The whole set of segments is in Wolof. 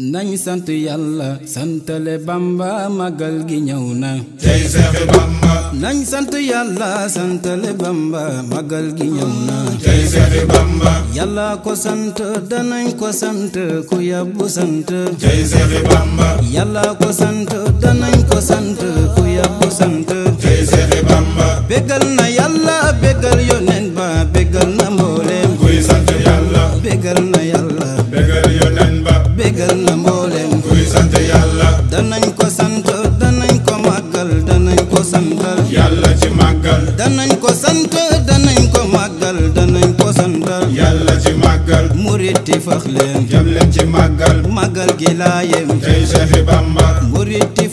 nañ sant yàlla santale bamba màggal gi ñëw na tey seex bamba nañ santale bamba màggal gi ko sant danañ ko sant ku yàbbu sant tey seex bamba yàlla ko sant sant ku yàbbu sant na yàlla bégal yo màggal na mbooleem kuy sant yàlla danañ ko sant danañ ko màggal danañ ko santal yàlla ci màggal danañ ko sant danañ ko màggal danañ ko santal yàlla ci màggal murit yi fax leen jëm leen ci màggal màggal gi laa yem tey Bamba murit yi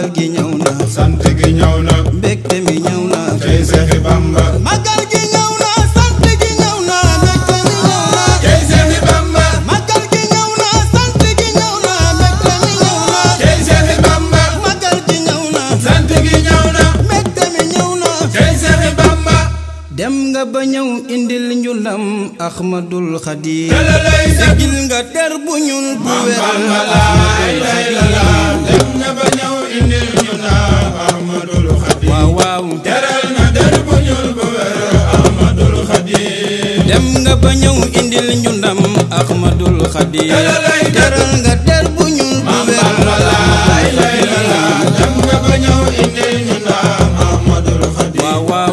màggal gi ñëw na sant gi ñëw na mbégte mi mi ñëw na cey Seexi mi Bamba dem nga ba ñëw indil njulam Ahmadul Xadim gil nga ter bu ñul bu wér ba ñëw indil ñu ndam Ahmadul Xadim teral nga der bu ñuul bu weer dem nga ba ñëw indil ñu Ahmadul Xadim waaw waaw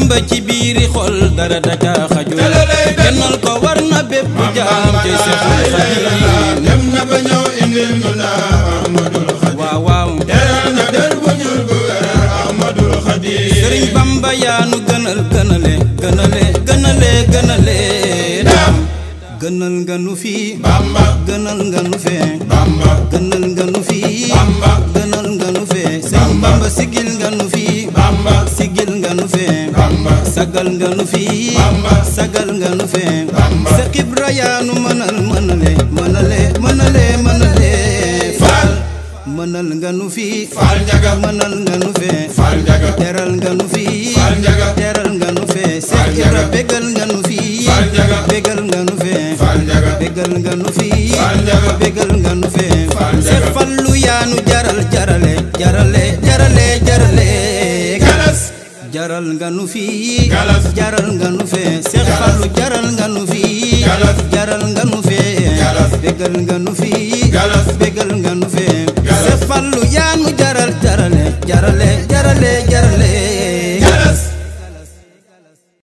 dem ba ci biiri xol dara daca xaju kennal ko war na bépp jaam ci seexul xadim dem na ba ñëw indil ñu na ahmadul xadim waaw waaw teral na der bu ñuul bu ahmadul xadim sëriñ bamba ya nu gënal gënale gënale gënale gënale dam gënal nga nu fii bamba gënal nga nu fee bamba gënal nga nu fii bamba gënal nga nu fee sëriñ bamba sigil nga nu fii bamba sigil nga nu fee bamba sagal nga sa nga nu fii faal jaral jarale jarale jaral nga nu fii galas jaral nga nu fee Seex